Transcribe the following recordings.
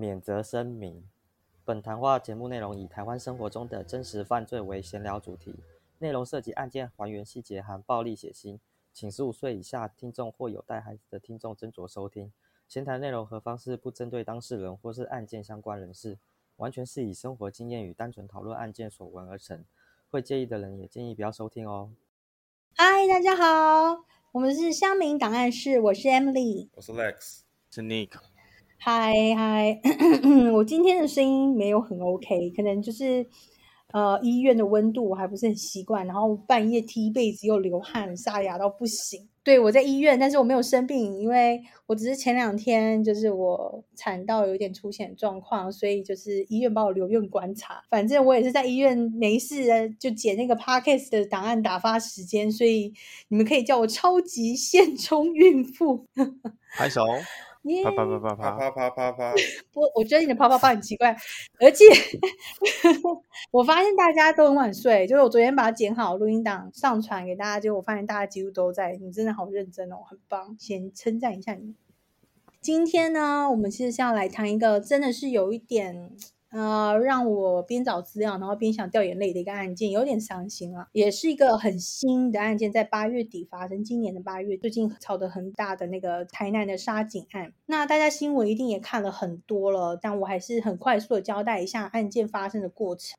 免責聲明：本談話節目內容以台灣生活中的真實犯罪為閒聊主題，內容涉及案件還原細節，含暴力血腥，請十五歲以下聽眾或有帶孩子的聽眾斟酌收聽。閒談內容和方式不針對當事人或是案件相關人士，完全是以生活經驗與單純討論案件所聞而成，會介意的人也建議不要收聽哦。嗨，大家好，我們是鄉民檔案室，我是 Emily，我是 Alex，我是 Nick。嗨嗨，我今天的聲音沒有很 OK，可能就是呃醫院的溫度我還不是很習慣，然後半夜踢被子又流汗，沙啞到不行。對，我在醫院，但是我沒有生病，因為我只是前兩天就是我產道有點出現狀況，所以就是醫院把我留院觀察。反正我也是在醫院沒事就撿那個 Podcast 的檔案打發時間，所以你們可以叫我超級現充孕婦。拍手、哦。我啪啪啪啪啪啪啪啪我覺得你的啪啪啪很奇怪， 而且 我發現大家都很晚睡。就是我昨天把它剪好錄音檔上傳給大家，就我發現大家幾乎都在。你真的好認真哦，很棒，先稱讚一下你。今天呢，我們其實是要來談一個，真的是有一點。呃，讓我邊找資料，然後邊想掉眼淚的一個案件，有點傷心了。也是一個很新的案件，在八月底發生，今年的八月，最近吵得很大的那個台南的殺警案。那大家新聞一定也看了很多了，但我還是很快速的交代一下案件發生的過程。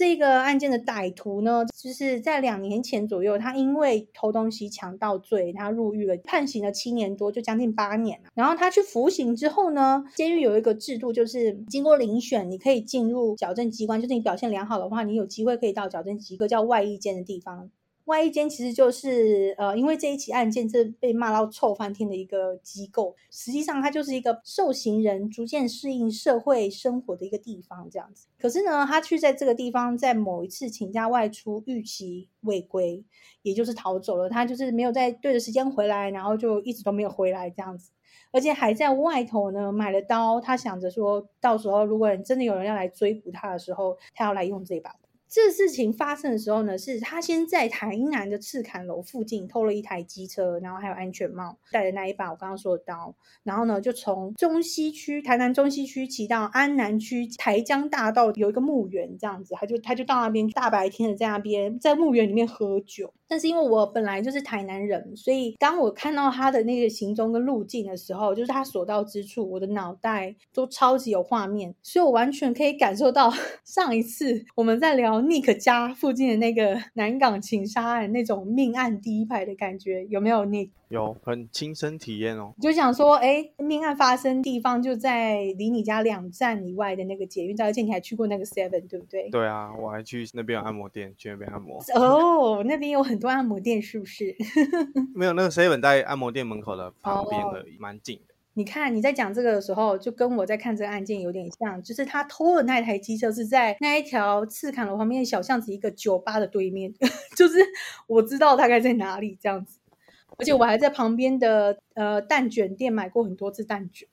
這個案件的歹徒呢，就是在兩年前左右，他因為偷東西強盜罪，他入獄了，判刑了七年多，就將近八年。然後他去服刑之後呢，監獄有一個制度，就是經過遴選，你可以進入矯正機關，就是你表現良好的話，你有機會可以到矯正機關叫外役監的地方。另外一間其實就是，呃，因為這一起案件是被罵到臭翻天的一個機構，實際上它就是一個受刑人逐漸適應社會生活的一個地方，這樣子。可是呢，他卻在這個地方，在某一次請假外出逾期未歸，也就是逃走了。他就是沒有在對的時間回來，然後就一直都沒有回來，這樣子，而且還在外頭呢買了刀。他想着說，到時候如果真的有人要來追捕他的時候，他要來用這把。這事情發生的時候呢，是他先在台南的赤崁樓附近偷了一台機車，然後還有安全帽，帶着那一把我剛剛說的刀，然後呢，就從中西區，台南中西區騎到安南區台江大道，有一個墓園，這樣子，他就，他就到那邊，大白天的在那邊，在墓園裡面喝酒。但是因為我本來就是台南人，所以當我看到他的那個行蹤跟路徑的時候，就是他所到之處，我的腦袋都超級有畫面，所以我完全可以感受到上一次我們在聊 Nick 家附近的那個南港情殺案那種命案第一排的感覺，有沒有，Nick？有很親身體驗哦，就想說，哎，命案發生地方就在離你家兩站以外的那個捷運站，而且你還去過那個 Seven，對不對？對啊，我還去那邊有按摩店，去那邊按摩。哦，那邊有很多按摩店，是不是？ 沒有，那個 Seven 在按摩店門口的旁邊而、oh, oh. 蠻近的。你看你在講這個的時候，就跟我在看這個案件有點像，就是他偷的那台機車是在那一條赤崁樓旁邊的小巷子一個酒吧的對面，就是我知道大概在哪裡這樣子。而且我還在旁邊的呃蛋捲店買過很多次蛋捲。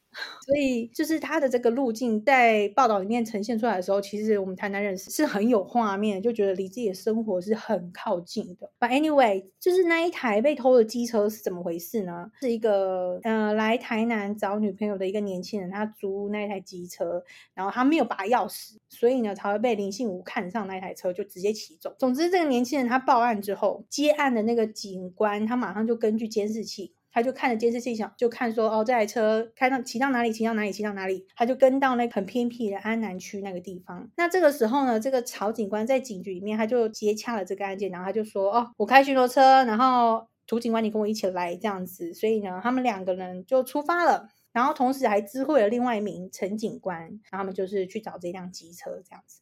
所以就是他的這個路徑在報道裡面呈現出來的時候，其實我們台南識是很有畫面，就覺得離自己的生活是很靠近的。But anyway，就是那一台被偷的機車是怎麼回事呢？是一個呃來台南找女朋友的一個年輕人，他租那一台機車，然後他沒有把鑰匙，所以呢才會被林信吳看上那台車就直接騎走。總之，這個年輕人他報案之後，接案的那個警官他馬上就根據監視器。他就看着監視器，想就看說，哦，這台車開到騎到哪裡，騎到哪裡，騎到哪裡，他就跟到那個很偏僻的安南區那個地方。那這個時候呢，這個曹警官在警局裡面，他就接洽了這個案件，然後他就說，哦，我開巡邏車，然後涂警官你跟我一起來這樣子。所以呢，他們兩個人就出發了，然後同時還知會了另外一名陳警官，然後他們就是去找這輛機車這樣子。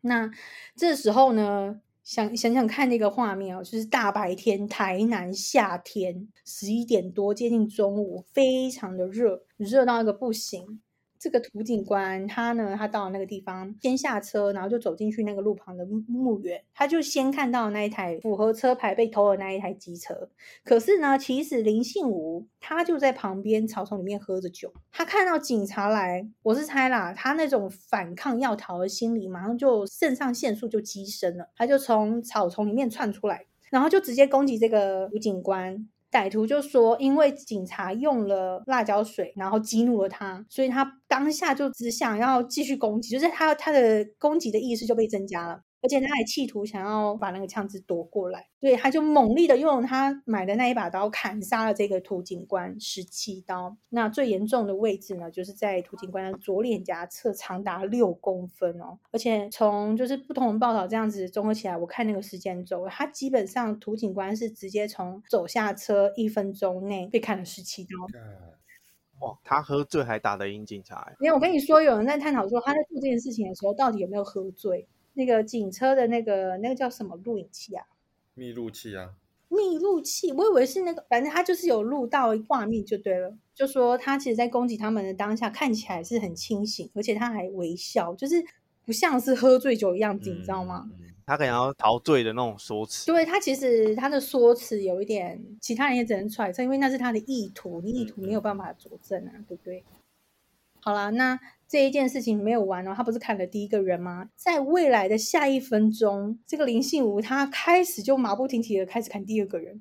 那這時候呢？想想想看那個畫面啊、喔，就是大白天台南夏天十一點多接近中午，非常的熱，熱到一個不行。這個涂警官，他呢，他到那個地方，先下車，然後就走進去那個路旁的墓園。他就先看到那一台符合車牌被偷的那一台機車。可是呢，其實林信吾他就在旁邊草叢裡面喝着酒。他看到警察來，我是猜啦，他那種反抗要逃的心理，馬上就腎上腺素就激升了，他就從草叢裡面竄出來，然後就直接攻擊這個涂警官。歹徒就說：“因為警察用了辣椒水，然後激怒了他，所以他當下就只想要繼續攻擊，就是他他的攻擊的意識就被增加了。”而且他還企圖想要把那個槍支奪過來，所以他就猛力的用他買的那一把刀砍殺了這個塗警官十七刀。那最嚴重的位置呢，就是在塗警官的左臉頰側，側，長達六公分哦。而且從就是不同的報道這樣子綜合起來，我看那個時間軸，他基本上塗警官是直接從走下車一分鐘內被砍了十七刀。哇，他喝醉還打得贏警察？沒有，我跟你說，有人在探討說他在做這件事情的時候到底有沒有喝醉。那個警車的那個那個叫什麼錄影器啊？密錄器啊！密錄器，我以為是那個，反正他就是有錄到畫面就對了。就說他其實，在攻擊他們的當下，看起來是很清醒，而且他還微笑，就是不像是喝醉酒一樣子，嗯、你知道嗎、嗯、他可能要陶醉的那種說辭。對，他其實他的說辭有一點，其他人也只能揣測，因為那是他的意圖，你意圖沒有辦法佐證啊，嗯、對，對不對？好了，那。這一件事情沒有完哦，他不是砍了第一個人嗎？在未來的下一分鐘，這個林信吾他開始就馬不停蹄的開始砍第二個人，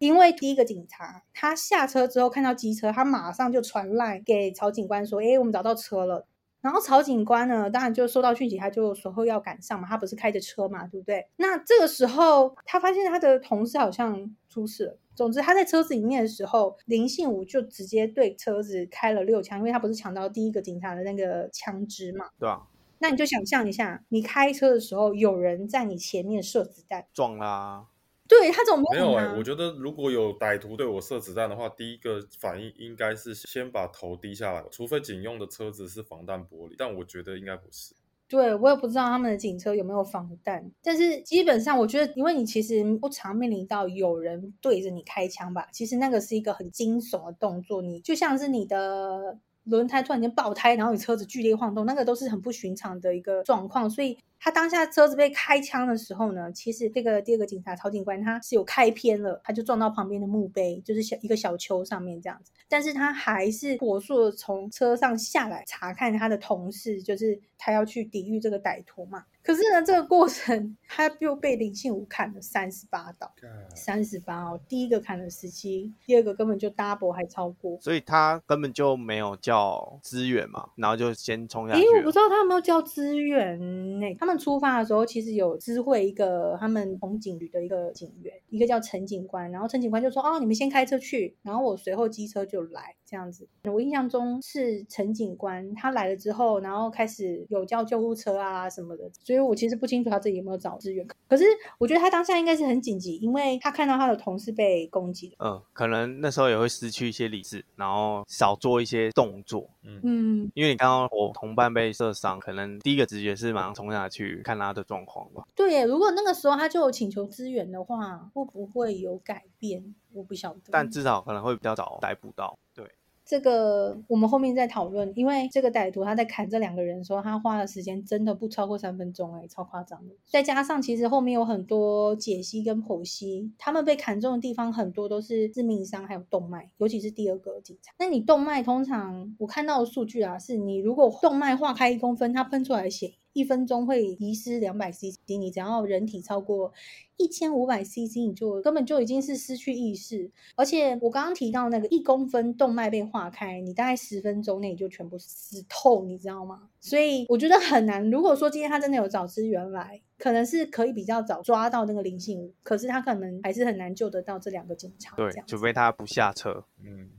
因為第一個警察他下車之後看到機車，他馬上就傳賴給曹警官說：“哎、欸，我們找到車了。”然後曹警官呢，當然就收到訊息，他就隨後要趕上嘛，他不是開着車嘛，對不對？那這個時候他發現他的同事好像出事了。總之，他在車子裡面的時候，林信吾就直接對車子開了六槍，因為他不是搶到第一個警察的那個槍支嘛。對啊，那你就想象一下，你開車的時候有人在你前面射子彈，撞啦、啊。對，他怎麼沒有哎、啊欸，我覺得如果有歹徒對我射子彈的話，第一個反應應該是先把頭低下來，除非警用的車子是防彈玻璃，但我覺得應該不是。對，我也不知道他們的警車有沒有防彈，但是基本上我覺得，因為你其實不常面臨到有人對着你開槍吧，其實那個是一個很驚悚的動作，你就像是你的輪胎突然間爆胎，然後你車子劇烈晃動，那個都是很不尋常的一個狀況，所以。他當下車子被開槍的時候呢，其實這個第二個警察曹警官他是有開偏了，他就撞到旁邊的墓碑，就是小一個小丘上面這樣子。但是他還是火速從車上下來查看他的同事，就是他要去抵禦這個歹徒嘛。可是呢，這個過程他又被林信吾砍了三十八刀，三十八哦，第一個砍了十七，第二個根本就 double 還超過，所以他根本就沒有叫支援嘛，然後就先衝下去。誒、欸，我不知道他有沒有叫支援呢？他們出發的時候，其實有知會一個他們紅警旅的一個警員，一個叫陳警官。然後陳警官就說：“哦，你們先開車去，然後我隨後機車就來。”這樣子。我印象中是陳警官他來了之後，然後開始有叫救護車啊什麼的。所以我其實不清楚他自己有沒有找支援。可是我覺得他當下應該是很緊急，因為他看到他的同事被攻擊了。嗯、呃，可能那時候也會失去一些理智，然後少做一些動作。嗯嗯，因為你剛剛我同伴被射傷，可能第一個直覺是馬上衝下去。去看他的狀況吧。對耶，如果那個時候他就有請求支援的話，會不會有改變？我不曉得。但至少可能會比較早逮捕到。對，這個我們後面再討論，因為這個歹徒他在砍這兩個人的時候，他花的時間真的不超過三分鐘，欸，哎，超誇張的。再加上其實後面有很多解析跟剖析，他們被砍中的地方很多都是致命傷，還有動脈，尤其是第二個警察。那你動脈通常我看到的數據啊，是你如果動脈劃開一公分，它噴出來的血。一分鐘會遺失兩百 cc，你只要人體超過一千五百 cc，你就根本就已經是失去意識。而且我剛剛提到那個一公分動脈被劃開，你大概十分鐘內就全部死透，你知道嗎？所以我覺得很難。如果說今天他真的有找支援來，可能是可以比較早抓到那個林信吾，可是他可能還是很難救得到這兩個警察。對，除非他不下車。嗯，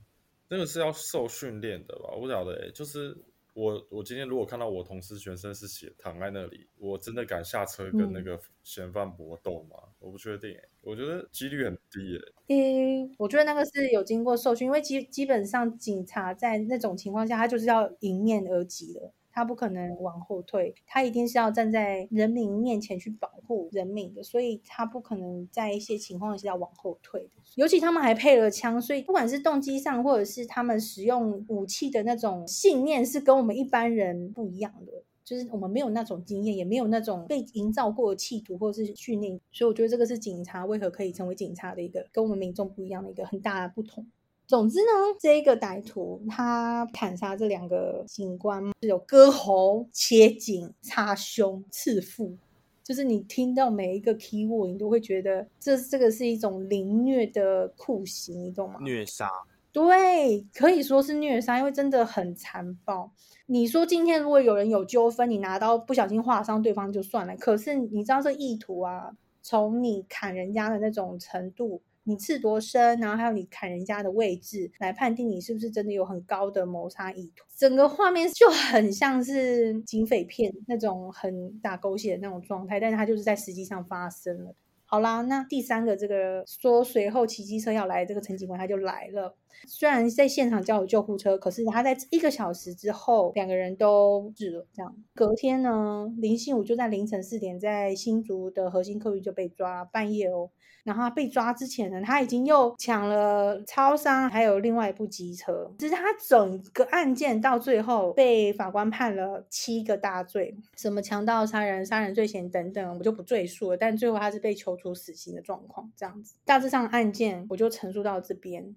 那個是要受訓練的吧？我不曉得欸，就是。我我今天如果看到我同事全身是血躺在那裡，我真的敢下車跟那個嫌犯搏鬥嗎？嗯，我不確定欸，我覺得幾率很低耶欸。嗯，我覺得那個是有經過受訓，因為基基本上警察在那種情況下，他就是要迎面而擊的。他不可能往後退，他一定是要站在人民面前去保護人民的，所以他不可能在一些情況下往後退。尤其他們還配了槍，所以不管是動機上，或者是他們使用武器的那種信念，是跟我們一般人不一樣的。就是我們沒有那種經驗，也沒有那種被營造過的企圖或者是訓練，所以我覺得這個是警察為何可以成為警察的一個跟我們民眾不一樣的一個很大的不同。總之呢，這一個歹徒他砍殺這兩個警官，是有割喉、切頸、插胸、刺腹，就是你聽到每一個 keyword，你都會覺得這這個是一種凌虐的酷刑，你懂嗎？虐殺。對，可以說是虐殺，因為真的很殘暴。你說今天如果有人有糾紛，你拿刀不小心劃傷對方就算了，可是你知道這意圖啊，從你砍人家的那種程度。你刺多深，然後還有你砍人家的位置，來判定你是不是真的有很高的謀殺意圖。整個畫面就很像是警匪片那種很打狗血的那種狀態，但是它就是在實際上發生了。好啦，那第三個這個說隨後騎機車要來這個陳警官他就來了。雖然在現場叫了救護車，可是他在一個小時之後，兩個人都治了。這樣隔天呢，林信吾就在凌晨四點在新竹的核心客運就被抓，半夜哦。然後他被抓之前呢，他已經又搶了超商，還有另外一部機車。就是他整個案件到最後被法官判了七個大罪，什麼強盜殺人、殺人罪嫌等等，我就不贅述了。但最後他是被求處死刑的狀況，這樣子。大致上的案件我就陳述到這邊。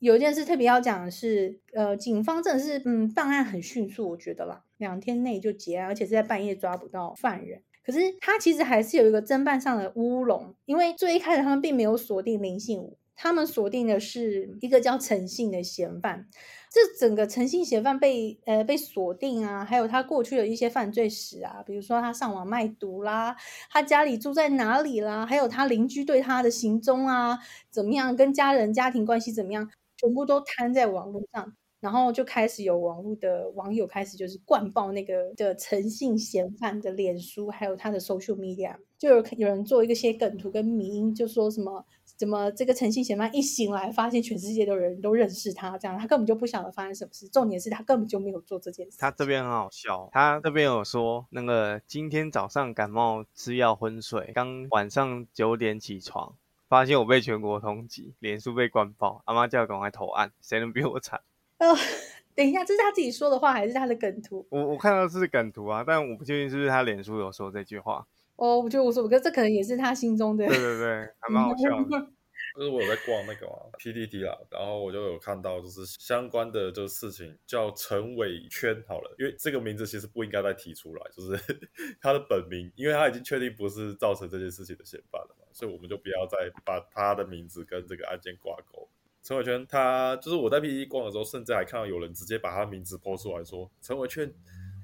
有一件事特別要講的是，呃，警方真的是嗯，辦案很迅速，我覺得啦，兩天內就結案，而且是在半夜抓捕到犯人。可是他其實還是有一個偵辦上的烏龍，因為最一開始他們並沒有鎖定林信吾，他們鎖定的是一個叫陳姓的嫌犯。這整個陳姓嫌犯被呃被鎖定啊，還有他過去的一些犯罪史啊，比如說他上網賣毒啦，他家裡住在哪裡啦，還有他鄰居對他的行蹤啊怎麼樣，跟家人家庭關係怎麼樣。全部都攤在網絡上，然後就開始有網絡的網友開始就是灌爆那個的誠信嫌犯的臉書，還有他的 social media，就有有人做一個些梗圖跟迷因，就說什麼怎麼這個誠信嫌犯一醒來，發現全世界的人都認識他，這樣他根本就不曉得發生什麼事。重點是他根本就沒有做這件事。他這邊很好笑，他這邊有說那個今天早上感冒吃藥昏睡，剛晚上九點起床，發現我被全國通緝，臉書被灌爆，阿嬤叫我趕快投案，誰能比我慘？呃、哦，等一下，這是他自己說的話，還是他的梗圖？我我看到的是梗圖啊，但我不確定是不是他臉書有說這句話。哦，我覺得無所謂，可這可能也是他心中的。對對對，還蠻好笑的。 就是我有在逛那個嘛 PTT 啦，然後我就有看到就是相關的就是事情，叫陳偉圈好了，因為這個名字其實不應該再提出來，就是他的本名，因為他已經確定不是造成這件事情的嫌犯了嘛，所以我們就不要再把他的名字跟這個案件掛鈎。陳偉圈，他就是我在 PTT 逛的時候，甚至還看到有人直接把他的名字 po 出來說陳偉圈。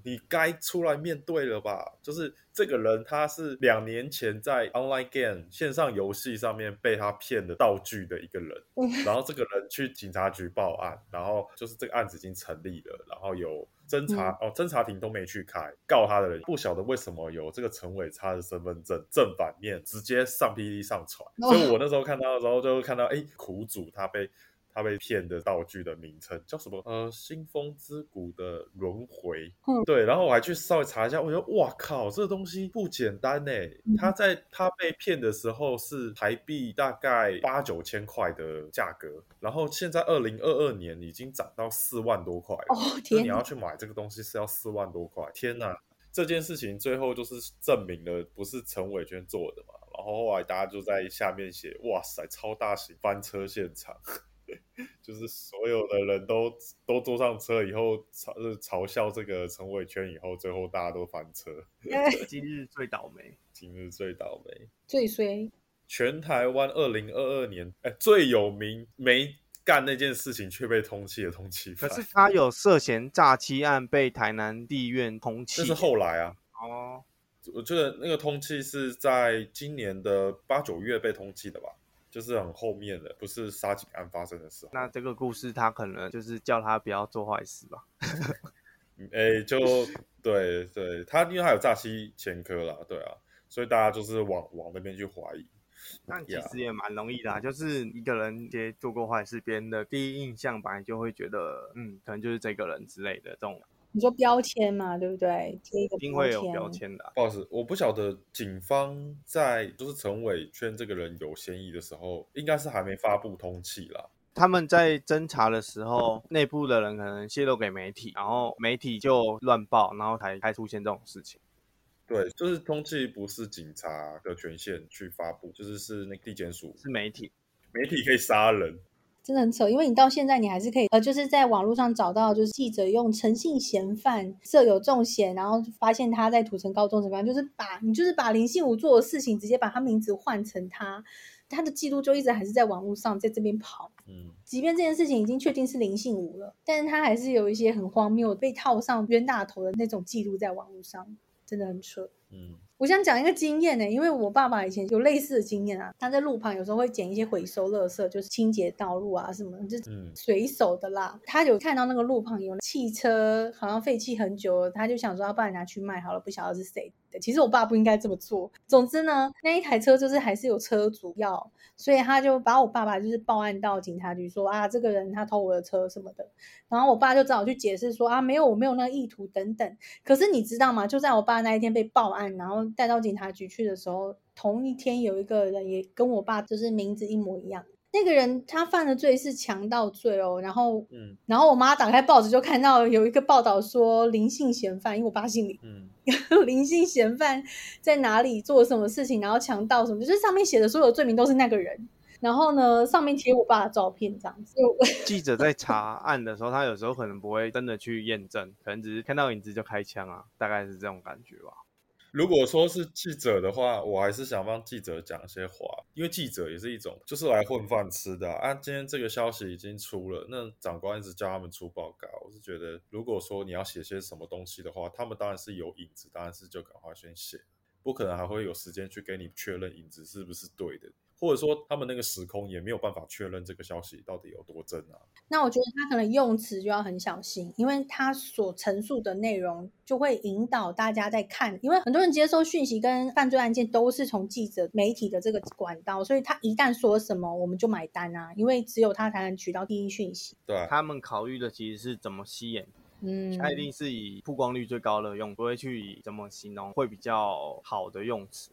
你該出來面對了吧？就是這個人，他是兩年前在 online game 線上遊戲上面被他騙的道具的一個人，對然後這個人去警察局報案，然後就是這個案子已經成立了，然後有偵查、嗯、哦，偵查庭都沒去開，告他的人不曉得為什麼有這個陳偉他的身份證正反面直接上 PTT 上傳，所以我那時候看到的時候就看到，哎，苦主他被。他被騙的道具的名稱叫什麼？呃，新楓之谷的輪回。嗯，對。然後我還去稍微查一下，我覺得哇靠，這個、東西不簡單呢、欸。他在他被騙的時候是台幣大概八九千塊的價格，然後現在二零二二年已經漲到四萬多塊。哦天！你要去買這個東西是要四萬多塊。天哪！這件事情最後就是證明了不是陳偉娟做的嘛。然後後來大家就在下面寫：哇塞，超大型翻車現場。 就是所有的人都都坐上車以後，嘲嘲笑這個陳偉圈以後，最後大家都翻車。對對，今日最倒霉，今日最倒霉，最衰。全台灣二零二二年，哎，最有名沒幹那件事情，卻被通緝的通緝犯。可是他有涉嫌詐欺案，被台南地院通緝。這是後來啊，哦，我覺得那個通緝是在今年的八九月被通緝的吧。就是很後面的，不是殺警案發生的時候。那這個故事他可能就是叫他不要做壞事吧？呃、 欸，就對對，他因為他有詐欺前科啦，對啊，所以大家就是往往那邊去懷疑。那其實也蠻容易的啦， 就是一個人直接做過壞事，別人的第一印象本來就會覺得，嗯，可能就是這個人之類的這種。你說標籤嘛，對不對？貼一個標籤。一定會有標籤的啊。不好意思，我不曉得警方在就是陳偉圈這個人有嫌疑的時候，應該是還沒發布通緝啦。他們在偵查的時候，內部的人可能泄露給媒體，然後媒體就亂報，然後才才出現這種事情。對，就是通緝不是警察的權限去發布，就是是那個地檢署，是媒體，媒體可以殺人。真的很扯，因為你到現在你還是可以，呃，就是在網絡上找到，就是記者用誠信嫌犯涉有重嫌，然後發現他在土城高中怎麼樣，就是把你就是把林信吾做的事情，直接把他名字換成他，他的記錄就一直還是在網絡上在這邊跑，嗯，即便這件事情已經確定是林信吾了，但是他還是有一些很荒謬，被套上冤大頭的那種記錄在網絡上，真的很扯。嗯，我想講一個經驗呢、欸，因為我爸爸以前有類似的經驗啊，他在路旁有時候會撿一些回收垃圾，就是清潔道路啊什麼的，就隨、是、手的啦。他有看到那個路旁有汽車，好像廢棄很久了，他就想說，要不然你拿去賣好了，不曉得是誰的。其實我爸不應該這麼做。總之呢，那一台車就是還是有車主要，所以他就把我爸爸就是報案到警察局說啊，這個人他偷我的車什麼的。然後我爸就只好去解釋說啊，沒有，我沒有那個意圖等等。可是你知道嗎？就在我爸那一天被報案，然後帶到警察局去的時候，同一天有一個人也跟我爸就是名字一模一樣。那個人他犯的罪是強盜罪哦。然後，嗯，然後我媽打開報紙就看到有一個報道說林姓嫌犯，因為我爸姓林，嗯， 林姓嫌犯在哪裡做什麼事情，然後強盜什麼，就是上面寫的所有的罪名都是那個人。然後呢，上面貼我爸的照片這樣子。記者在查案的時候， 他有時候可能不會真的去驗證，可能只是看到影子就開槍啊，大概是這種感覺吧。如果說是記者的話，我還是想幫記者講一些話，因為記者也是一種，就是來混飯吃的啊。啊今天這個消息已經出了，那長官一直叫他們出報告，我是覺得，如果說你要寫些什麼東西的話，他們當然是有影子，當然是就趕快先寫，不可能還會有時間去給你確認影子是不是對的。或者說，他們那個時空也沒有辦法確認這個消息到底有多真啊？那我覺得他可能用詞就要很小心，因為他所陳述的內容就會引導大家在看，因為很多人接收訊息跟犯罪案件都是從記者媒體的這個管道，所以他一旦說什麼，我們就買單啊，因為只有他才能取到第一訊息。對，他們考慮的其實是怎麼吸引，嗯，他一定是以曝光率最高的用，不會去怎麼形容，會比較好的用詞。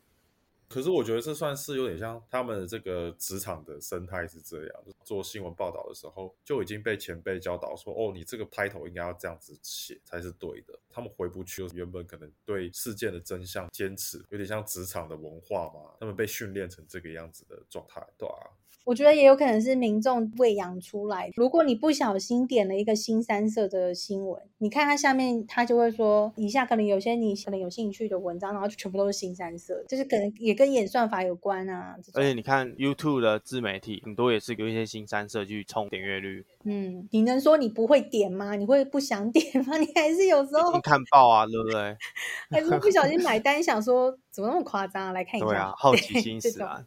可是我覺得這算是，有點像他們的這個職場的生態是這樣，做新聞報道的時候就已經被前輩教導說，哦，你這個開頭應該要這樣子寫才是對的。他們回不去，原本可能對事件的真相堅持，有點像職場的文化嘛，他們被訓練成這個樣子的狀態，對吧、啊？我覺得也有可能是民眾餵養出來。如果你不小心點了一個腥羶色的新聞，你看它下面，它就會說以下可能有些你可能有興趣的文章，然後就全部都是腥羶色，就是可能也跟演算法有關啊。而且你看 YouTube 的自媒體，很多也是有一些腥羶色去衝點閱率。嗯，你能說你不會點嗎？你會不想點嗎？你還是有時候看報啊，對不對？還是不小心買單， 想說怎麼那麼誇張，啊？來看一下，對啊，對好奇心是吧、啊。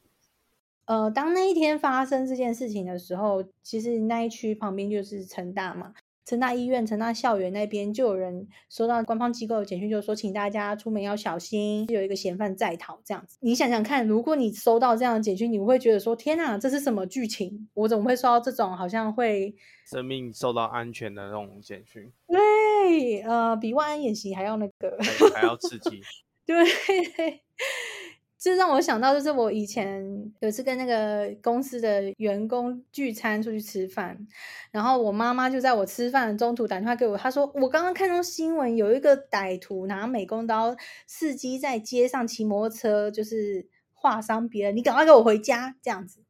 呃，當那一天發生這件事情的時候，其實那一區旁邊就是成大嘛，成大醫院、成大校園那邊就有人收到官方機構的簡訊，就是說請大家出門要小心，是有一個嫌犯在逃這樣子。你想想看，如果你收到這樣的簡訊，你會覺得說：天哪，這是什麼劇情？我怎麼會收到這種好像會生命受到安全的那種簡訊？對，呃，比萬安演習還要那個，還要刺激。 對。對對。這讓我想到，就是我以前有次跟那個公司的員工聚餐出去吃飯，然後我媽媽就在我吃飯的中途打電話給我，她說：“我剛剛看到新聞，有一個歹徒拿美工刀伺機在街上騎摩托車，就是劃傷別人，你趕快給我回家。”這樣子，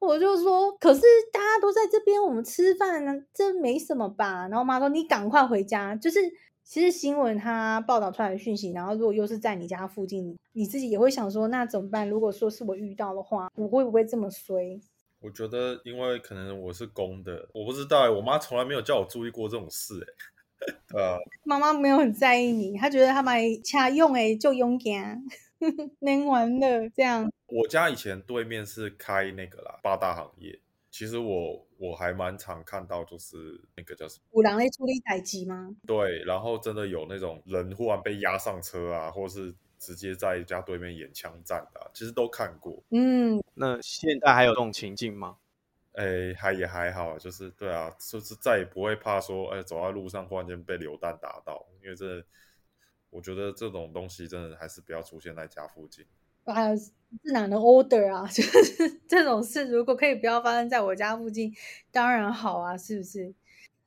我就說：“可是大家都在這邊，我們吃飯呢，這沒什麼吧？”然後媽說：“你趕快回家。”就是。其實新聞它報道出來的訊息，然後如果又是在你家附近，你自己也會想說，那怎麼辦？如果說是我遇到的話，我會不會這麼衰？我覺得，因為可能我是公的，我不知道、欸，我媽從來沒有叫我注意過這種事、欸，哎，對啊，媽媽沒有很在意你，她覺得她買恰用就用。敢，能玩的這樣。我家以前對面是開那個啦，八大行業。其實我我還蠻常看到，就是那個叫什麼？五郎的主力載機嗎？對，然後真的有那種人忽然被押上車啊，或者是直接在家對面演槍戰的，啊，其實都看過。嗯，那現在還有這種情境嗎？哎，還也還好，就是對啊，就是再也不會怕說，哎，走在路上忽然間被流彈打到，因為這我覺得這種東西真的還是不要出現在家附近。哇，自然的 order 啊，就是這種事，如果可以不要發生在我家附近，當然好啊，是不是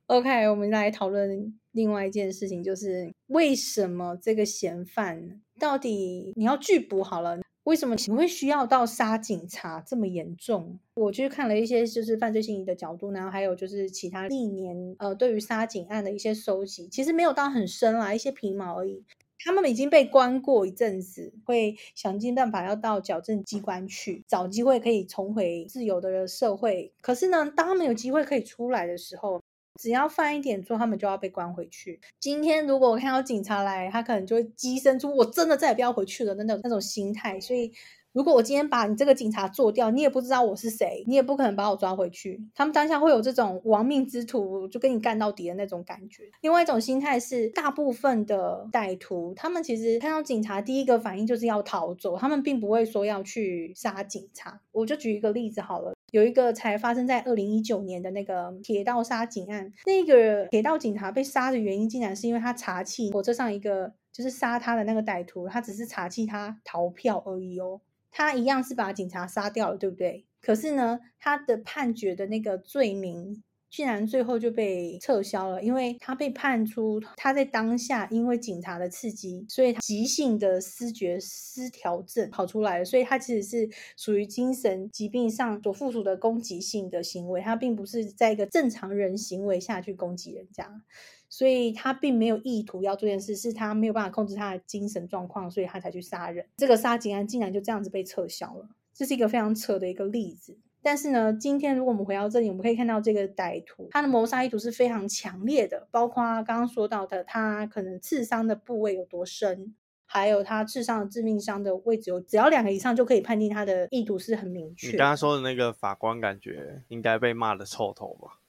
？OK，我們來討論另外一件事情，就是為什麼這個嫌犯到底你要拒捕好了？為什麼你會需要到殺警察這麼嚴重？我去看了一些就是犯罪心理的角度，然後還有就是其他歷年呃對於殺警案的一些收集，其實沒有到很深啦，一些皮毛而已。他們已經被關過一陣子，會想盡辦法要到矯正機關去，找機會可以重回自由的社會。可是呢，當他們有機會可以出來的時候，只要犯一點錯，他們就要被關回去。今天如果我看到警察來，他可能就會激生出我真的再也不要回去了那種那種心態。所以。如果我今天把你這個警察做掉，你也不知道我是誰，你也不可能把我抓回去。他們當下會有這種亡命之徒就跟你幹到底的那種感覺。另外一種心態是，大部分的歹徒他們其實看到警察第一個反應就是要逃走，他們並不會說要去殺警察。我就舉一個例子好了，有一個才發生在二零一九年的那個鐵道殺警案，那個鐵道警察被殺的原因，竟然是因為他查緝火車上一個就是殺他的那個歹徒，他只是查緝他逃票而已哦。他一樣是把警察殺掉了，對不對？可是呢，他的判決的那個罪名竟然最後就被撤銷了，因為他被判出他在當下因為警察的刺激，所以他急性的思覺失調症跑出來了，所以他其實是屬於精神疾病上所附屬的攻擊性的行為，他並不是在一個正常人行為下去攻擊人家。所以他並沒有意圖要做件事，是他沒有辦法控制他的精神狀況，所以他才去殺人。這個殺警案竟然就這樣子被撤銷了，這是一個非常扯的一個例子。但是呢，今天如果我們回到這裡，我們可以看到這個歹徒他的謀殺意圖是非常強烈的，包括剛剛說到的他可能刺傷的部位有多深，還有他刺傷的致命傷的位置有，只要兩個以上就可以判定他的意圖是很明確。你剛剛說的那個法官感覺應該被罵得臭頭吧？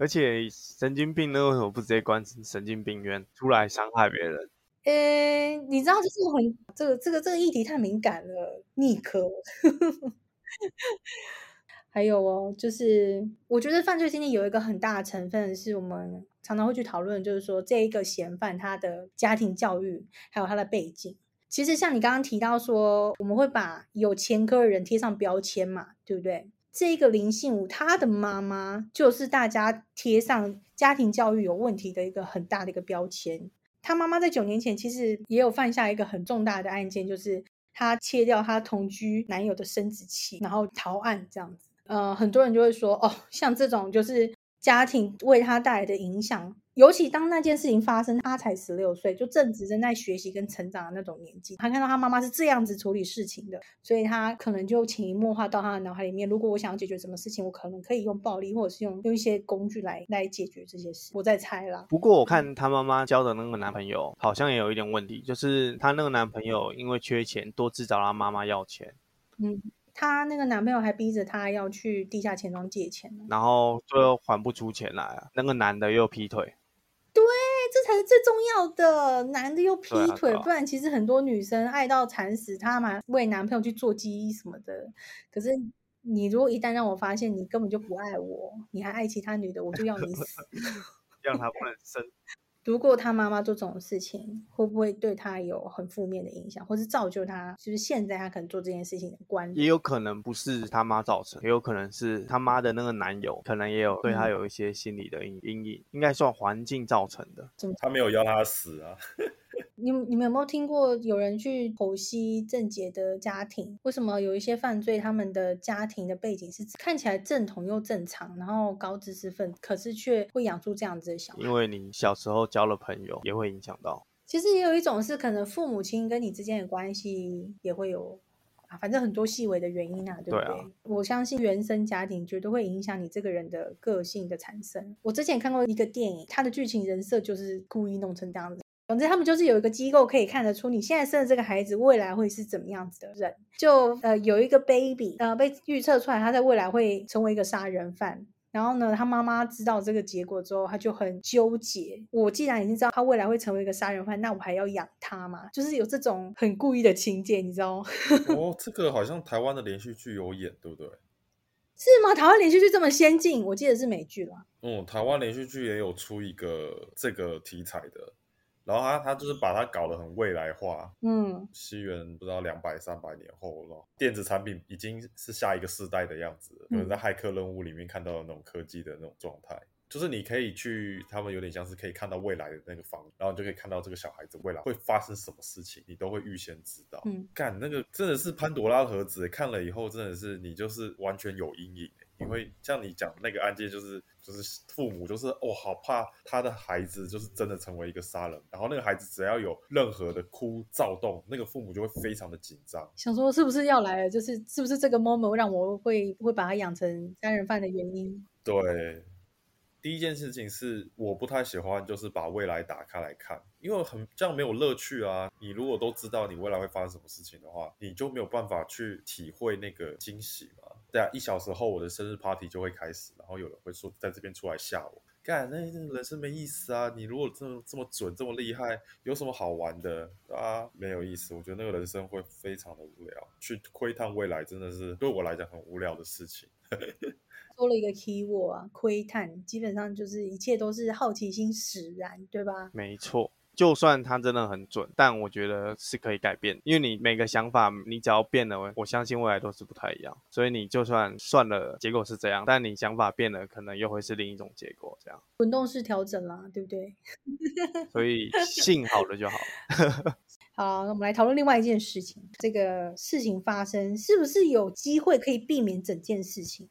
而且神經病呢，為什麼不直接關神、神經病院出來傷害別人？誒、欸，你知道，就是很這個這個這個議題太敏感了，逆科。 還有哦，就是我覺得犯罪心理有一個很大的成分，是我們常常會去討論，就是說這一個嫌犯他的家庭教育，還有他的背景。其實像你剛剛提到說，我們會把有前科的人貼上標籤嘛，對不對？這個林信吾，他的媽媽就是大家貼上家庭教育有問題的一個很大的一個標籤。他媽媽在九年前其實也有犯下一個很重大的案件，就是他切掉他同居男友的生殖器，然後逃案這樣子。呃，很多人就會說，哦，像這種就是家庭為他帶來的影響。尤其當那件事情發生，他才十六歲，就正值正在學習跟成長的那種年紀。他看到他媽媽是這樣子處理事情的，所以他可能就潛移默化到他的腦海裡面。如果我想要解決什麼事情，我可能可以用暴力，或者是用用一些工具來來解決這些事。我在猜啦。不過我看她媽媽交的那個男朋友好像也有一點問題，就是她那個男朋友因為缺錢，多次找她媽媽要錢。嗯，她那個男朋友還逼着她要去地下錢莊借錢，然後最後還不出錢來了。那個男的又劈腿。這才是最重要的，男的又劈腿，啊、不然其實很多女生愛到慘死，他媽為男朋友去做雞什麼的。可是你如果一旦讓我發現你根本就不愛我，你還愛其他女的，我就要你死， 讓他不能生。如果他媽媽做這種事情，會不會對他有很負面的影響，或是造就他？就是現在他可能做這件事情的關係，也有可能不是他媽造成，也有可能是他媽的那個男友，可能也有對他有一些心理的陰影，嗯、應該算環境造成的。他沒有要他死啊。 你你們有沒有聽過有人去剖析鄭捷的家庭？為什麼有一些犯罪，他們的家庭的背景是看起來正統又正常，然後高知識分子，可是卻會養出這樣子的小孩？因為你小時候交了朋友，也會影響到。其實也有一種是可能父母親跟你之間的關係也會有啊，反正很多細微的原因啊，對不對？對啊。我相信原生家庭絕對會影響你這個人的個性的產生。我之前看過一個電影，它的劇情人設就是故意弄成這樣子。總之，他們就是有一個機構可以看得出你現在生的這個孩子，未來會是怎麼樣子的人。就呃，有一個 baby 呃被預測出來他在未來會成為一個殺人犯。然後呢，他媽媽知道這個結果之後，他就很糾結。我既然已經知道他未來會成為一個殺人犯，那我還要養他嗎？就是有這種很故意的情節，你知道嗎？哦，這個好像台灣的連續劇有演，對不對？是嗎？台灣連續劇這麼先進？我記得是美劇啦。嗯，台灣連續劇也有出一個這個題材的。然後他他就是把它搞得很未來化，嗯，西元不知道兩百三百年後了，電子產品已經是下一個世代的樣子可能、嗯、在駭客任務裡面看到的那種科技的那種狀態，就是你可以去，他們有點像是可以看到未來的那個房，然後你就可以看到這個小孩子未來會發生什麼事情，你都會預先知道。嗯，幹，那個真的是潘多拉盒子，看了以後真的是你就是完全有陰影。你會像你講那個案件，就是就是父母就是哦，好怕他的孩子就是真的成為一個殺人，然後那個孩子只要有任何的哭躁動，那個父母就會非常的緊張，想說是不是要來了，就是是不是這個 moment 讓我會會把他養成殺人犯的原因？對，第一件事情是我不太喜歡，就是把未來打開來看，因為很這樣沒有樂趣啊。你如果都知道你未來會發生什麼事情的話，你就沒有辦法去體會那個驚喜嘛。對啊，一小時後我的生日 party 就會開始，然後有人會說在這邊出來嚇我。幹，那人生沒意思啊！你如果這麼這麼準、這麼厲害，有什麼好玩的啊？沒有意思，我覺得那個人生會非常的無聊。去窺探未來，真的是對我來講很無聊的事情。多 了一個 key word 啊，窺探，基本上就是一切都是好奇心使然，對吧？沒錯。就算它真的很準，但我覺得是可以改變，因為你每個想法，你只要變了，我相信未來都是不太一樣。所以你就算算了，結果是這樣，但你想法變了，可能又會是另一種結果。這樣滾動式調整啦，對不對？所以信好，好了就好。 好，那我們來討論另外一件事情。這個事情發生，是不是有機會可以避免整件事情？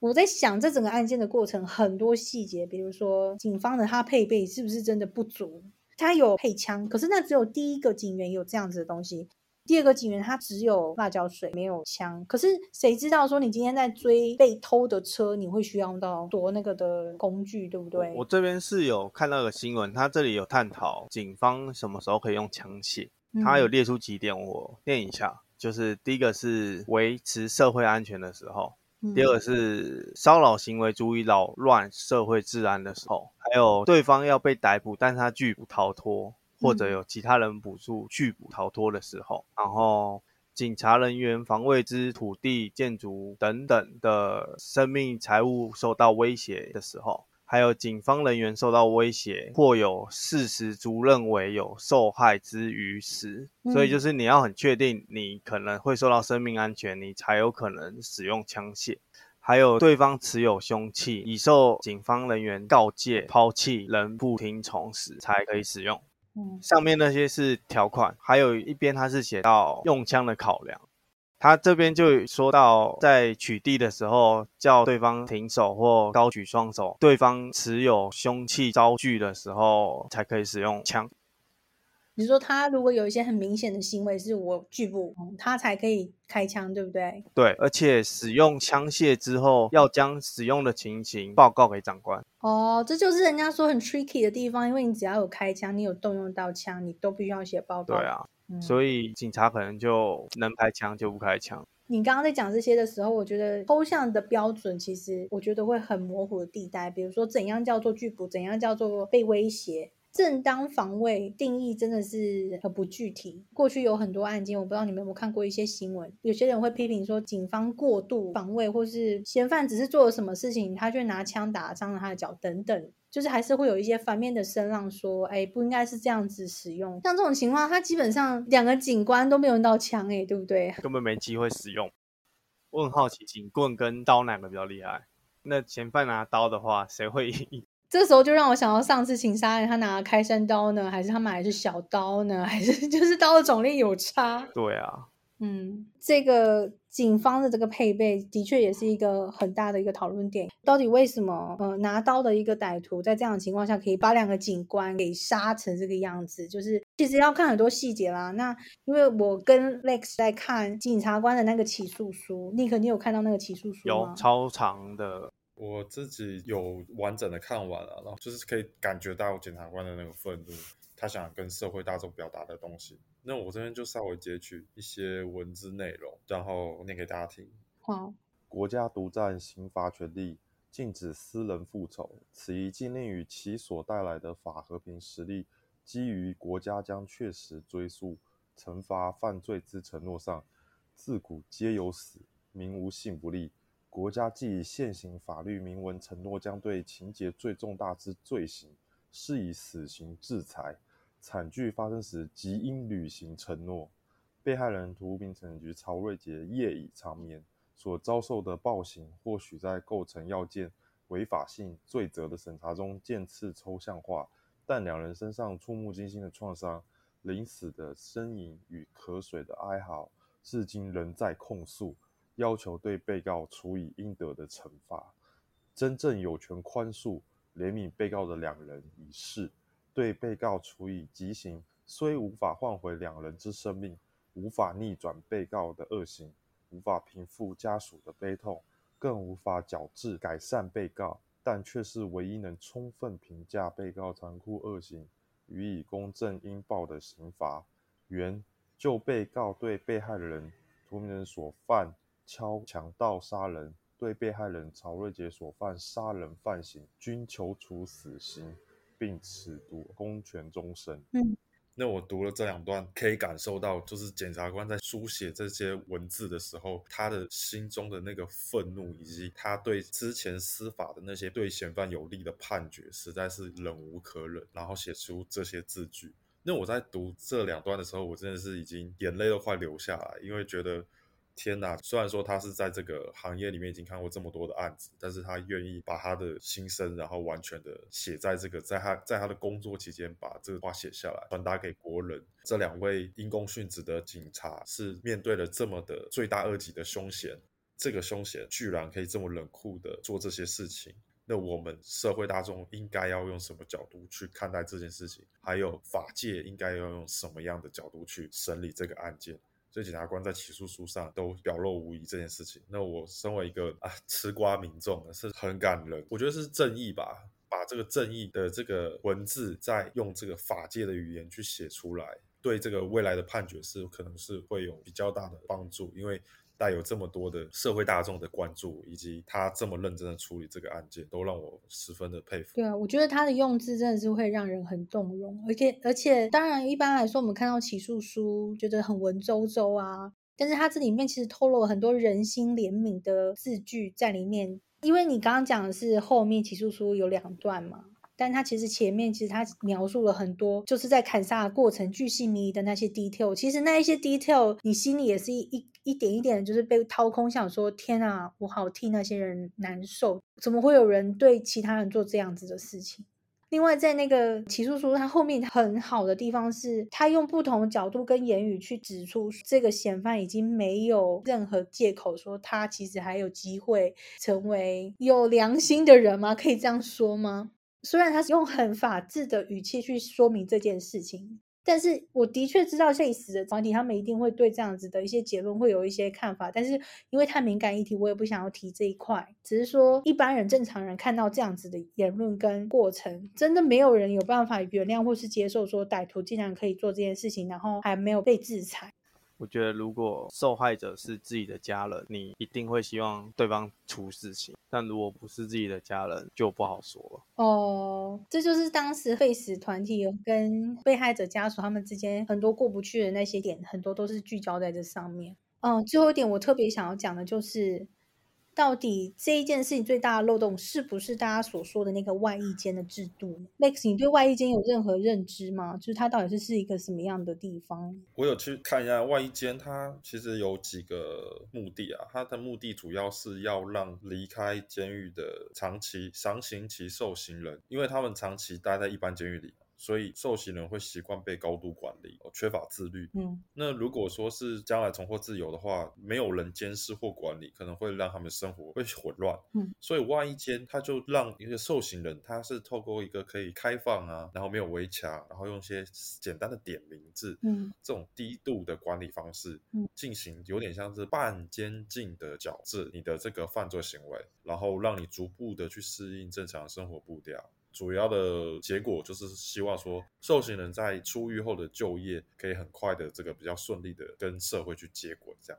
我在想，這整個案件的過程很多細節，比如說警方的他配備是不是真的不足？他有配槍，可是那只有第一個警員有這樣子的東西，第二個警員他只有辣椒水，沒有槍。可是誰知道說你今天在追被偷的車，你會需要用到多那個的工具，對不對？我，我這邊是有看到個新聞，他這裡有探討警方什麼時候可以用槍械，嗯、他有列出幾點，我念一下，就是第一個是維持社會安全的時候。第二是騷擾行為足以擾亂社會治安的時候，還有對方要被逮捕，但是他拒捕逃脫，或者有其他人補助拒捕逃脫的時候，然後警察人員防衛之土地、建築等等的生命、財物受到威脅的時候。還有警方人員受到威脅或有事實足認為有受害之余時，所以就是你要很確定你可能會受到生命安全，你才有可能使用槍械。還有對方持有兇器，已受警方人員告誡拋棄仍不聽從時，才可以使用。上面那些是條款，還有一邊它是寫到用槍的考量。他這邊就說到，在取締的時候叫對方停手或高舉雙手；對方持有凶器遭拒的時候，才可以使用槍。你說他如果有一些很明顯的行為是我拒捕，嗯，他才可以開槍，對不對？對，而且使用槍械之後，要將使用的情形報告給長官。哦，這就是人家說很 tricky 的地方，因為你只要有開槍，你有動用到槍，你都必須要寫報告。對啊。所以警察可能就能開槍就不開槍。嗯、你剛剛在講這些的時候，我覺得抽象的標準其實我覺得會很模糊的地帶。比如說，怎樣叫做拒捕，怎樣叫做被威脅，正當防衛定義真的是很不具體。過去有很多案件，我不知道你們有沒有看過一些新聞，有些人會批評說警方過度防衛，或是嫌犯只是做了什麼事情，他卻拿槍打傷了他的腳等等。就是還是會有一些反面的聲浪說，哎，不應該是這樣子使用。像這種情況，他基本上兩個警官都沒有用到槍，哎，對不對？根本沒機會使用。我很好奇，警棍跟刀哪個比較厲害？那嫌犯拿刀的話，誰會贏？這時候就讓我想到上次情殺人，他拿開山刀呢，還是他買的是小刀呢？還是就是刀的種類有差？對啊，嗯，這個。警方的這個配備的確也是一個很大的一個討論點，到底為什麼，呃，拿刀的一個歹徒在這樣的情況下可以把兩個警官給殺成這個樣子，就是其實要看很多細節啦。那因為我跟 Lex 在看檢察官的那個起訴書，你肯定有看到那個起訴書嗎？有，超長的，我自己有完整的看完了，然後就是可以感覺到檢察官的那個憤怒，他想跟社會大眾表達的東西。那我這邊就稍微截取一些文字內容，然後念給大家聽。好、嗯，國家獨佔刑罰權力，禁止私人復仇。此一禁令與其所帶來的法和平實力，基於國家將確實追溯懲罰犯罪之承諾上，自古皆有死，民無信不立。國家既以現行法律明文承諾將對情節最重大之罪行，施以死刑制裁。慘劇發生時，即應履行承諾。被害人涂明誠與曹瑞杰夜已長眠，所遭受的暴行或許在構成要件、違法性、罪責的審查中漸次抽象化，但兩人身上觸目驚心的創傷、臨死的呻吟與渴水的哀嚎，至今仍在控訴，要求對被告處以應得的懲罰。真正有權寬恕、憐憫被告的兩人已逝。對被告處以極刑，雖無法換回兩人之生命，無法逆轉被告的惡行，無法平復家屬的悲痛，更無法矯治改善被告，但卻是唯一能充分評價被告殘酷惡行，予以公正應報的刑罰。原就被告對被害人涂明誠所犯敲強盜殺人，對被害人曹瑞杰所犯殺人犯行，均求處死刑。併褫奪公權終身。嗯、那我讀了這兩段，可以感受到，就是檢察官在書寫這些文字的時候，他的心中的那個憤怒，以及他對之前司法的那些對嫌犯有利的判決，實在是忍無可忍，然後寫出這些字句。那我在讀這兩段的時候，我真的是已經眼淚都快流下來，因為覺得。天吶！雖然說他是在這個行業裡面已經看過這麼多的案子，但是他願意把他的心聲，然後完全的寫在這個，在他在他的工作期間把這個話寫下來，傳達給國人。這兩位因公殉職的警察是面對了這麼的罪大惡極的兇嫌，這個兇嫌居然可以這麼冷酷的做這些事情，那我們社會大眾應該要用什麼角度去看待這件事情？還有法界應該要用什麼樣的角度去審理這個案件？所以檢察官在起訴書上都表露無遺這件事情，那我身為一個啊吃瓜民眾是很感人，我覺得是正義吧，把這個正義的這個文字再用這個法界的語言去寫出來，對這個未來的判決是可能是會有比較大的幫助，因為。帶有這麼多的社會大眾的關注，以及他這麼認真的處理這個案件，都讓我十分的佩服。對啊，我覺得他的用字真的是會讓人很動容，而且而且，當然一般來說，我們看到起訴書覺得很文縐縐啊，但是他這裡面其實透露了很多人心憐憫的字句在裡面。因為你剛剛講的是後面起訴書有兩段嘛，但他其實前面其實他描述了很多就是在砍殺的過程巨細靡遺的那些 detail，其實那一些 detail 你心裡也是一一。一點一點就是被掏空，想說天啊，我好替那些人難受，怎麼會有人對其他人做這樣子的事情？另外，在那個起訴書，他後面很好的地方是，他用不同角度跟言語去指出，這個嫌犯已經沒有任何借口，說他其實還有機會成為有良心的人嗎？可以這樣說嗎？雖然他是用很法治的語氣去說明這件事情。但是我的確知道現實的團體，他們一定會對這樣子的一些結論會有一些看法。但是因為太敏感議題，我也不想要提這一塊。只是說一般人正常人看到這樣子的言論跟過程，真的沒有人有辦法原諒或是接受，說歹徒竟然可以做這件事情，然後還沒有被制裁。我覺得，如果受害者是自己的家人，你一定會希望對方出事情；但如果不是自己的家人，就不好說了。哦，這就是當時廢死團體跟被害者家屬他們之間很多過不去的那些點，很多都是聚焦在這上面。嗯，最後一點我特別想要講的就是。到底這一件事情最大的漏洞是不是大家所說的那個外役監的制度呢？Max，你對外役監有任何認知嗎？就是它到底是是一個什麼樣的地方？我有去看一下外役監，它其實有幾個目的啊。它的目的主要是要讓離開監獄的長期、長刑期受刑人，因為他們長期待在一般監獄裡。所以受刑人會習慣被高度管理，缺乏自律。嗯、那如果說是將來重獲自由的話，沒有人監視或管理，可能會讓他們生活會混亂。嗯、所以外役監，他就讓一個受刑人，他是透過一個可以開放啊，然後沒有圍牆，然後用一些簡單的點名制、嗯、這種低度的管理方式，進行有點像是半監禁的矯治你的這個犯罪行為，然後讓你逐步的去適應正常的生活步調。主要的結果就是希望說，受刑人在出獄後的就業可以很快的，這個比較順利的跟社會去接軌。這樣，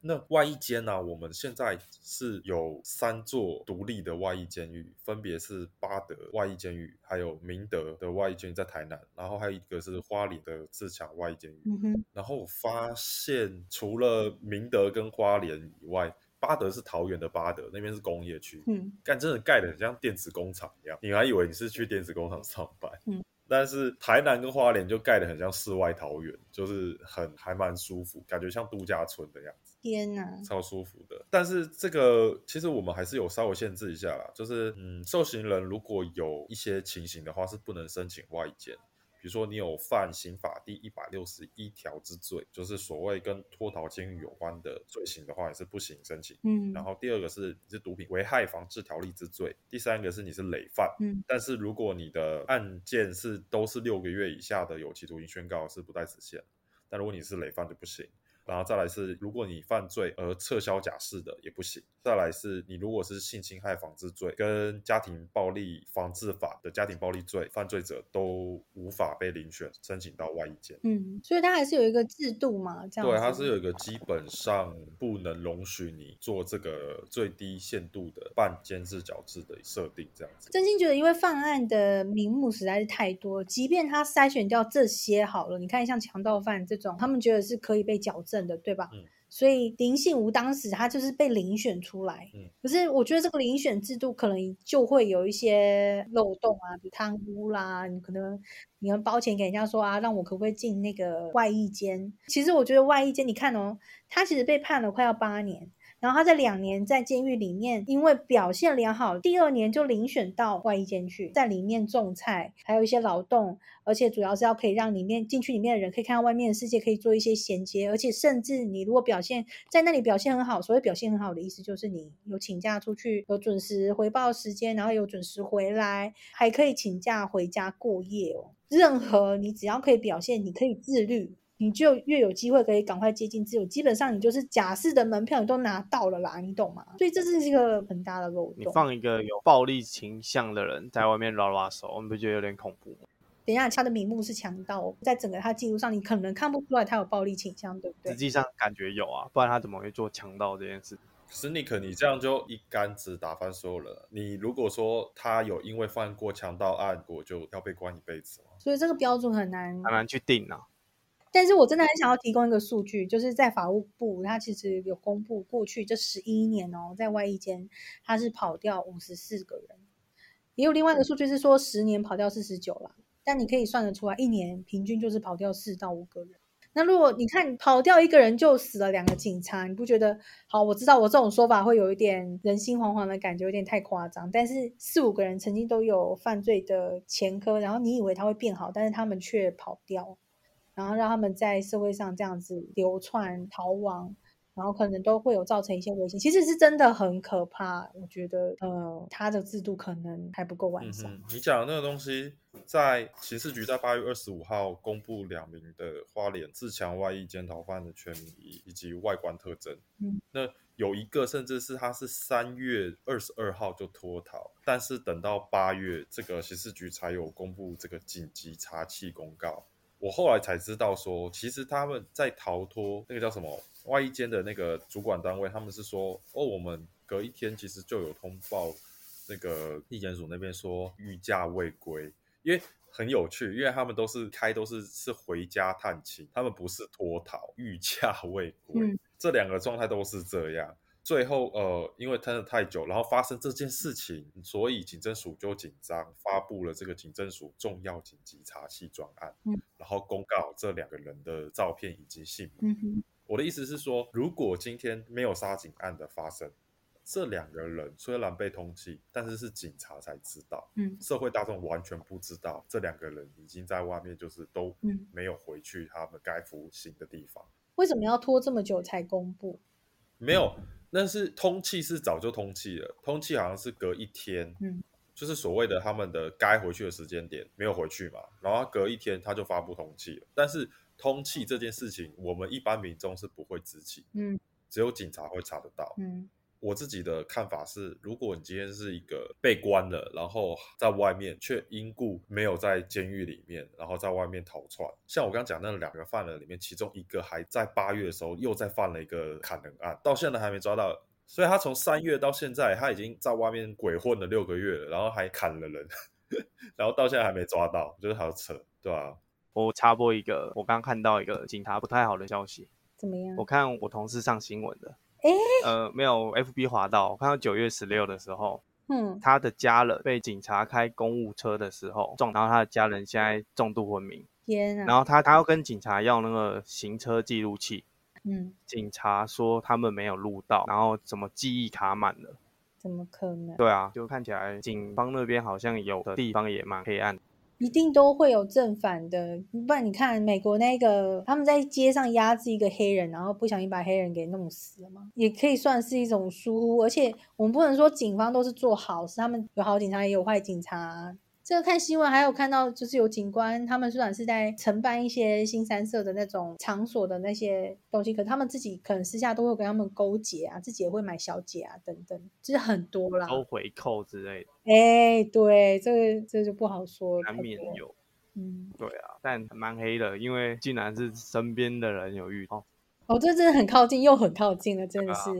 那外役監呢？我們現在是有三座獨立的外役監獄，分別是巴德外役監獄，還有明德的外役監獄在台南，然後還有一個是花蓮的自強外役監獄。嗯哼。然後我發現，除了明德跟花蓮以外，巴德是桃園的巴德，那邊是工業區，嗯，但真的蓋得很像電子工廠一樣，你還以為你是去電子工廠上班，嗯，但是台南跟花蓮就蓋得很像世外桃源，就是很還蠻舒服，感覺像度假村的樣子，天哪，超舒服的。但是這個其實我們還是有稍微限制一下啦，就是嗯，受刑人如果有一些情形的話，是不能申請外監。比如說，你有犯刑法第一百六十一條之罪，就是所謂跟脫逃監獄有關的罪行的話，也是不行申請。嗯，然後第二個是你是毒品危害防制條例之罪，第三個是你是累犯。嗯，但是如果你的案件是都是六個月以下的有期徒刑宣告，是不在此限，但如果你是累犯就不行。然後再來是，如果你犯罪而撤銷假釋的也不行。再來是你如果是性侵害防治罪跟家庭暴力防治法的家庭暴力罪犯罪者，都無法被遴選申請到外役監。嗯，所以它還是有一個制度嘛，這樣。對，它是有一個基本上不能容許你做這個最低限度的半監制矯治的設定，這樣子。真心覺得，因為犯案的名目實在是太多了，即便他篩選掉這些好了，你看像強盜犯這種，他們覺得是可以被矯治。的對吧？嗯，所以林信吾當時他就是被遴選出來，嗯，可是我覺得這個遴選制度可能就會有一些漏洞啊，比如貪污啦，你可能你要包錢給人家說啊，讓我可不可以進那個外役監？其實我覺得外役監，你看哦、喔，他其實被判了快要八年。然後他這兩年在監獄裡面，因為表現良好，第二年就遴選到外役監去，在裡面種菜，還有一些勞動，而且主要是要可以讓裡面進去裡面的人可以看到外面的世界，可以做一些銜接，而且甚至你如果表現在那裡表現很好，所謂表現很好的意思就是你有請假出去，有準時回報時間，然後有準時回來，還可以請假回家過夜哦。任何你只要可以表現，你可以自律。你就越有機會可以趕快接近自由。基本上你就是假釋的門票，你都拿到了啦，你懂嗎？所以這是一個很大的漏洞。你放一個有暴力傾向的人在外面拉拉手，你不覺得有點恐怖嗎？等一下，他的名目是強盜，在整個他記錄上，你可能看不出來他有暴力傾向，對不對？實際上感覺有啊，不然他怎麼會做強盜這件事？史尼克，你這樣就一竿子打翻所有人。你如果說他有因為犯過強盜案，我就要被關一輩子嗎？所以這個標準很難很難去定呢、啊。但是我真的很想要提供一個數據，就是在法務部，他其實有公布過去這十一年哦，在外役監他是跑掉五十四個人，也有另外一個數據是說十年跑掉四十九了。但你可以算得出來，一年平均就是跑掉四到五個人。那如果你看跑掉一個人就死了兩個警察，你不覺得，好，我知道我這種說法會有一點人心惶惶的感覺，有點太誇張。但是四五個人曾經都有犯罪的前科，然後你以為他會變好，但是他們卻跑掉。然後讓他們在社會上這樣子流竄逃亡，然後可能都會有造成一些危險，其實是真的很可怕。我覺得，呃，他的制度可能還不夠完善。嗯，你講的那個東西，在刑事局在八月二十五號公布兩名的花蓮自強外役監逃犯的全名以及外觀特徵。嗯，那有一個甚至是他是三月二十二號就脫逃，但是等到八月，這個刑事局才有公布這個緊急查緝公告。我後來才知道說，說其實他們在逃脫那個叫什麼外役監的那個主管單位，他們是說哦，我們隔一天其實就有通報那個紀檢組那邊說逾假未歸，因為很有趣，因為他們都是開都是是回家探親，他們不是脫逃逾假未歸，嗯、這兩個狀態都是這樣。最後，呃，因為拖得太久，然後發生這件事情，所以警政署就緊張，發布了這個警政署重要緊急查緝專案，嗯、然後公告這兩個人的照片以及姓名。嗯、哼我的意思是說，如果今天沒有殺警案的發生，這兩個人雖然被通緝，但是是警察才知道，嗯，社會大眾完全不知道這兩個人已經在外面，就是都沒有回去他們該服刑的地方。為什麼要拖這麼久才公布？嗯、沒有。但是通緝是早就通緝了，通緝好像是隔一天，嗯，就是所謂的他們的該回去的時間點沒有回去嘛，然後隔一天他就發布通緝了。但是通緝這件事情，我們一般民眾是不會知情，嗯，只有警察會查得到，嗯。我自己的看法是，如果你今天是一個被關了，然後在外面卻因故沒有在監獄裡面，然後在外面逃竄，像我剛剛講的那兩個犯人裡面，其中一個還在八月的時候又在犯了一個砍人案，到現在還沒抓到，所以他從三月到現在，他已經在外面鬼混了六個月了，然後還砍了人呵呵，然後到現在還沒抓到，就是好扯，對啊？我插播一個，我剛看到一個警察不太好的消息，怎麼樣？我看我同事上新聞的。欸、呃，沒有，FB 滑到，我看到九月十六的時候，嗯，他的家人被警察開公務車的時候撞，然後他的家人現在重度昏迷，天啊！然後他他要跟警察要那個行車記錄器，嗯，警察說他們沒有錄到，然後什麼記憶卡滿了？怎麼可能？對啊，就看起來警方那邊好像有的地方也蠻黑暗的。一定都會有正反的，不然你看美國那個，他們在街上壓制一個黑人，然後不小心把黑人給弄死了嘛，也可以算是一種疏忽。而且我們不能說警方都是做好事，他們有好警察也有壞警察啊。這個看新聞還有看到，就是有警官，他們雖然是在承辦一些新三社的那種場所的那些東西，可是他們自己可能私下都會有跟他們勾結啊，自己也會買小姐啊等等，就是很多啦，勾回扣之類的。哎、欸，對，這個這個，就不好說了，難免有。嗯，對啊，但蠻黑的，因為竟然是身邊的人有遇到。哦，哦，這真的很靠近，又很靠近了，真的是。啊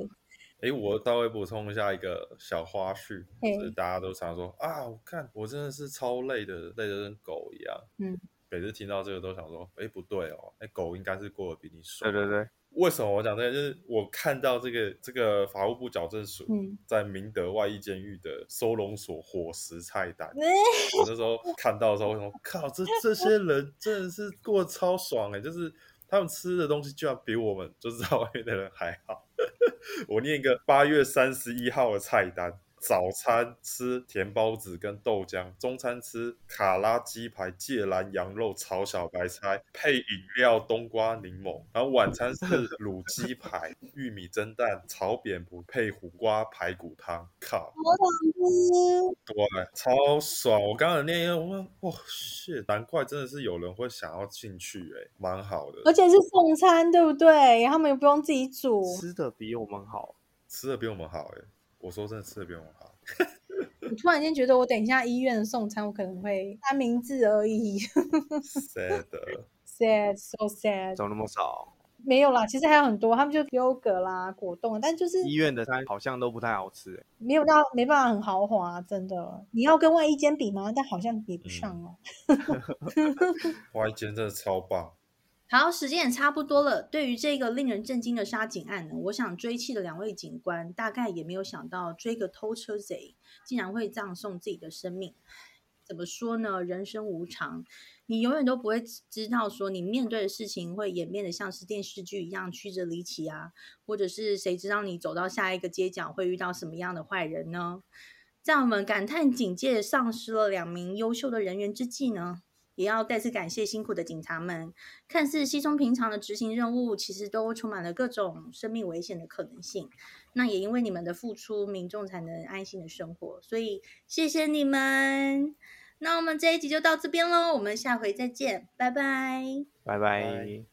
哎，我稍微補充一下一個小花絮，嘿就是大家都常說啊，我看我真的是超累的，累得跟狗一樣。嗯，每次聽到這個都想說，哎，不對哦，那狗應該是過得比你爽。對對對，為什麼我講這個？就是我看到這個這個法務部矯正署在明德外役監獄的收容所伙食菜單，嗯，我那時候看到的時候，我想說，靠，這這些人真的是過得超爽欸，就是。他們吃的東西居然比我們就是在外面的人還好， 我念一個八月三十一號的菜單。早餐吃甜包子跟豆漿，中餐吃卡拉雞排、芥藍、羊肉炒小白菜配飲料冬瓜檸檬，然後晚餐是滷雞排、 玉米蒸蛋、炒扁蒲配胡瓜排骨湯。靠，我想吃，對，超爽！我剛剛念一英文，哇塞，難怪真的是有人會想要進去哎、欸，蠻好的，而且是送餐對不對？他們也不用自己煮，吃的比我們好，吃的比我們好哎、欸。我說真的吃的比我好， 我突然間覺得我等一下醫院送餐我可能會三明治而已 ，sad sad so sad，怎麼那麼少？沒有啦，其實還有很多，他們就優格啦、果凍，但就是醫院的餐好像都不太好吃、欸，哎，沒有到沒辦法很豪華、啊，真的，你要跟外一間比嗎？但好像比不上哦， 外一間真的超棒。好，時間也差不多了。對於這個令人震驚的殺警案呢，我想追緝的兩位警官大概也沒有想到，追個偷車賊竟然會葬送自己的生命。怎麼說呢？人生無常，你永遠都不會知道，說你面對的事情會演變得像是電視劇一樣曲折離奇啊，或者是誰知道你走到下一個街角會遇到什麼樣的壞人呢？在我們感嘆警界喪失了兩名優秀的人員之際呢，也要再次感謝辛苦的警察們，看似稀鬆平常的執行任務，其實都充滿了各種生命危險的可能性。那也因為你們的付出，民眾才能安心的生活。所以謝謝你們。那我們這一集就到這邊嘍，我們下回再見，拜拜，拜拜。拜拜